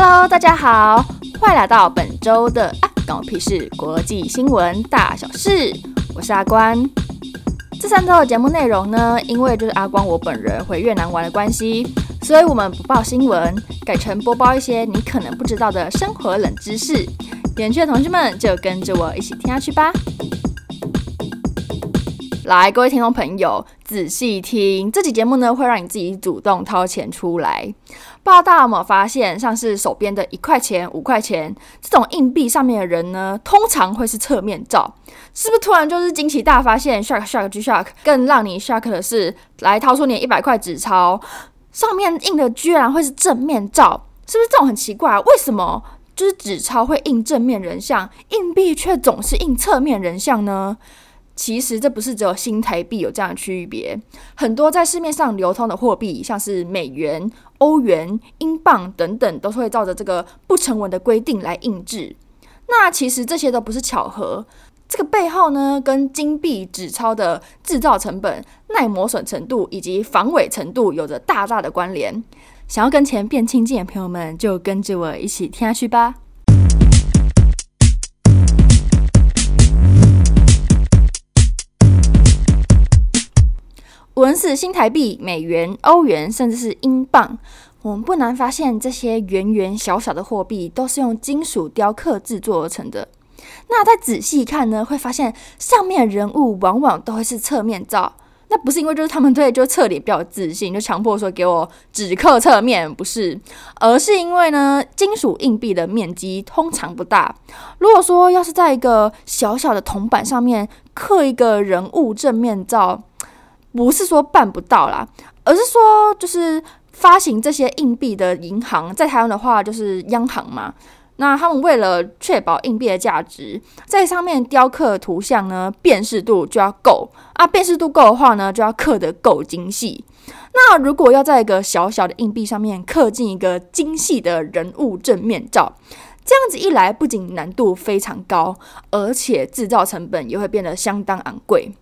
Hello，大家好，歡迎來到本周的、啊《關我屁事國際新聞大小事》。我是阿關，這三周的節目內容呢，因為就是阿關我本人回越南玩的關係，所以我們不報新聞，改成播報一些你可能不知道的生活冷知識。遠距的同學們就跟着我一起聽下去吧。來，各位聽眾朋友，仔細聽，這集節目呢，會讓你自己主動掏錢出來。不知道大家有沒有發現，像是手邊的一塊錢、五塊錢這種硬幣上面的人呢，通常會是側面照，是不是？突然就是驚奇大發現，shock shock，巨 shock！更讓你 shock 的是，來掏出你一百塊紙鈔，上面印的居然會是正面照，是不是？這種很奇怪啊，為什麼就是紙鈔會印正面人像，硬幣卻總是印側面人像呢？其實這不是只有新台幣有這樣的區別，很多在市面上流通的貨幣，像是美元、歐元、英鎊等等，都會照着這個不成文的規定來印製。那其實這些都不是巧合，這個背後呢，跟金幣紙鈔的制造成本、耐磨損程度以及防偽程度有着大大的關聯。想要跟錢變親近的朋友們，就跟着我一起聽下去吧。無論是新台幣、美元、歐元，甚至是英鎊，我們不難發現，這些圓圓小小的貨幣都是用金屬雕刻制作而成的。那再仔細看呢，會發現上面的人物往往都會是側面照。那不是因為就是他們對就側臉比較自信，就強迫說給我只刻側面，不是，而是因為呢，金屬硬幣的面積通常不大。如果說要是在一個小小的銅板上面刻一個人物正面照，不是說辦不到啦，而是說就是發行這些硬幣的銀行在台灣的話就是央行嘛。那他們為了確保硬幣的價值，在上面雕刻圖像呢，辨識度就要夠啊。辨識度夠的話呢，就要刻得夠精細。那如果要在一個小小的硬幣上面刻進一個精細的人物正面照，這樣子一來，不僅難度非常高，而且制造成本也會變得相當昂貴。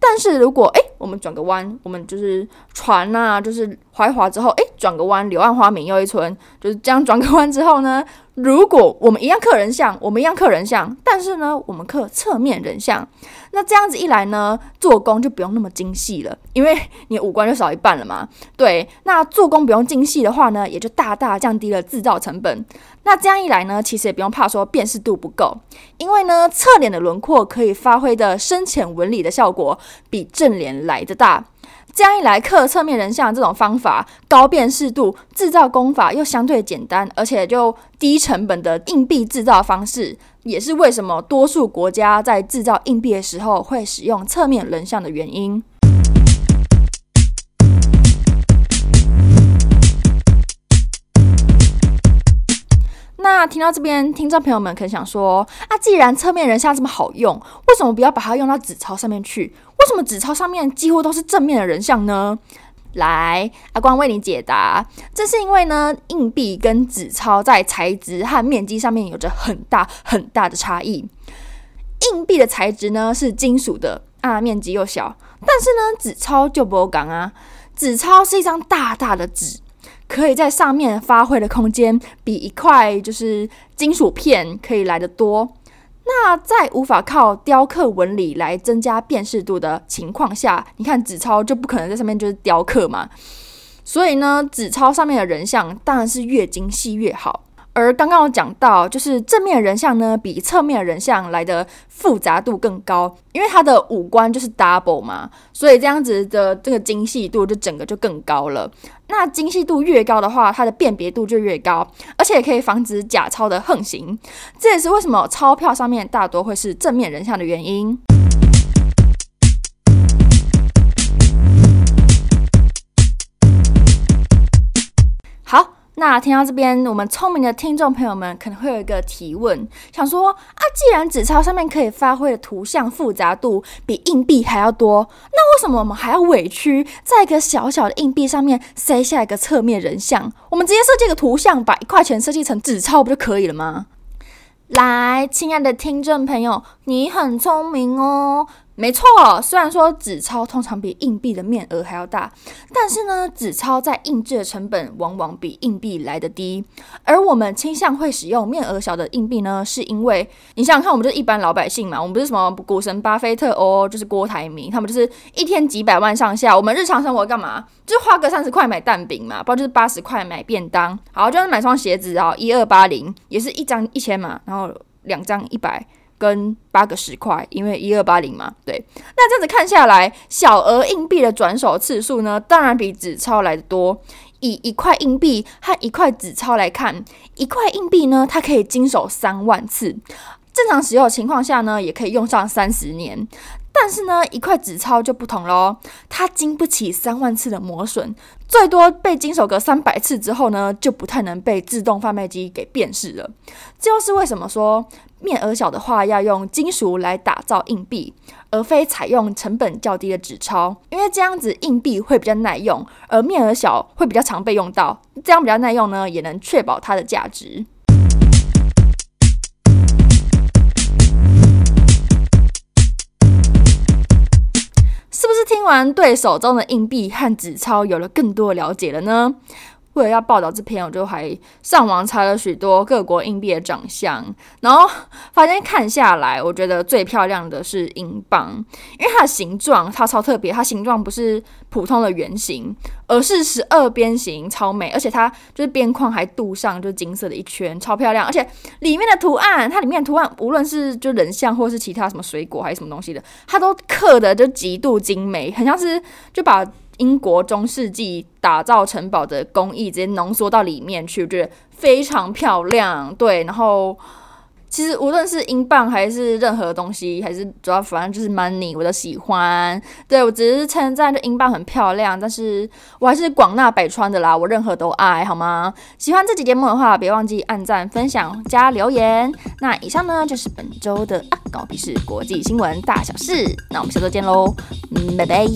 但是如果哎。欸我們轉個彎，我們就是船啊，就是懷化之後，哎，轉個彎，柳暗花明又一村，就是這樣轉個彎之後呢，如果我們一樣刻人像，我們一樣刻人像，但是呢，我們刻側面人像，那這樣子一來呢，做工就不用那麼精細了，因為你五官就少一半了嘛。對，那做工不用精細的話呢，也就大大降低了制造成本。那這樣一來呢，其實也不用怕說辨識度不夠，因為呢，側臉的輪廓可以發揮的深淺紋理的效果，比正臉。來得大，這樣一來，刻側面人像這種方法高辨識度，製造工法又相對簡單，而且就低成本的硬幣製造方式，也是為什麼多數國家在製造硬幣的時候會使用側面人像的原因。那聽到這邊，聽眾朋友們可能想說：啊，既然側面人像這麼好用，為什麼不要把它用到紙鈔上面去？為什麼紙鈔上面幾乎都是正面的人像呢？來，阿關為你解答。這是因為呢，硬幣跟紙鈔在材質和面積上面有着很大很大的差異。硬幣的材質呢是金屬的啊，面積又小；但是呢，紙鈔就不夠講啊，紙鈔是一張大大的紙。可以在上面發揮的空間比一塊就是金屬片可以來得多。那在無法靠雕刻紋理來增加辨識度的情況下，你看紙鈔就不可能在上面就是雕刻嘛。所以呢，紙鈔上面的人像當然是越精細越好。而剛剛有講到，就是正面人像呢，比側面人像來的複雜度更高，因為它的五官就是 double 嘛，所以這樣子的這個精細度就整個就更高了。那精細度越高的話，它的辨別度就越高，而且也可以防止假鈔的橫行。這也是為什麼鈔票上面大多會是正面人像的原因。那聽到這邊，我們聰明的聽眾朋友們可能會有一個提問，想說啊，既然紙鈔上面可以發揮的圖像複雜度比硬幣還要多，那為什麼我們還要委屈在一個小小的硬幣上面塞下一個側面人像？我們直接設計一個圖像，把一塊錢設計成紙鈔不就可以了嗎？來，親愛的聽眾朋友，你很聰明哦。沒錯哦，雖然說紙鈔通常比硬幣的面額還要大，但是呢，紙鈔在印製的成本往往比硬幣來得低。而我們傾向會使用面額小的硬幣呢，是因為你想想看，我們就是一般老百姓嘛，我們不是什麼股神巴菲特哦，就是郭台銘，他們就是一天幾百萬上下。我們日常生活幹嘛？就花個三十塊買蛋餅嘛，不就是八十塊買便當，好，就是買雙鞋子哦，一二八零也是一張一千嘛，然後兩張一百，跟八個十塊，因為一二八零嘛，對。那這樣子看下來，小額硬幣的轉手次數呢，當然比紙鈔來得多。以一塊硬幣和一塊紙鈔來看，一塊硬幣呢，它可以經手三萬次。正常使用的情況下呢，也可以用上三十年。但是呢，一塊紙鈔就不同咯。它經不起三萬次的磨損，最多被經手個三百次之後呢，就不太能被自動販賣機給辨識了。這又是為什麼說面額小的話，要用金屬來打造硬幣，而非採用成本較低的紙鈔，因為這樣子硬幣會比較耐用，而面額小會比較常被用到，這樣比較耐用呢，也能確保它的價值。突然對手中的硬幣和紙鈔有了更多的了解了呢。為了要報道這篇，我就還上網查了許多各國硬幣的長相，然後發現看下來，我覺得最漂亮的是英鎊，因為它的形狀，它超特別，它形狀不是普通的圓形，而是十二邊形，超美，而且它就是邊框還鍍上就是金色的一圈，超漂亮，而且裡面的圖案，它裡面的圖案無論是就人像，或是其他什麼水果，還是什麼東西的，它都刻的就極度精美，很像是就把。英國中世紀打造城堡的工藝直接濃縮到裡面去，我覺得非常漂亮。對，然後其實無論是英鎊還是任何東西，還是主要反正就是 money，我都喜歡。對，我只是稱讚，這英鎊很漂亮，但是我還是廣納百川的啦，我任何都愛好嗎？喜歡這期節目的話，別忘記按讚、分享加留言。那以上呢就是本周的啊，狗屁事國際新聞大小事。那我們下周見嘍，嗯，拜拜。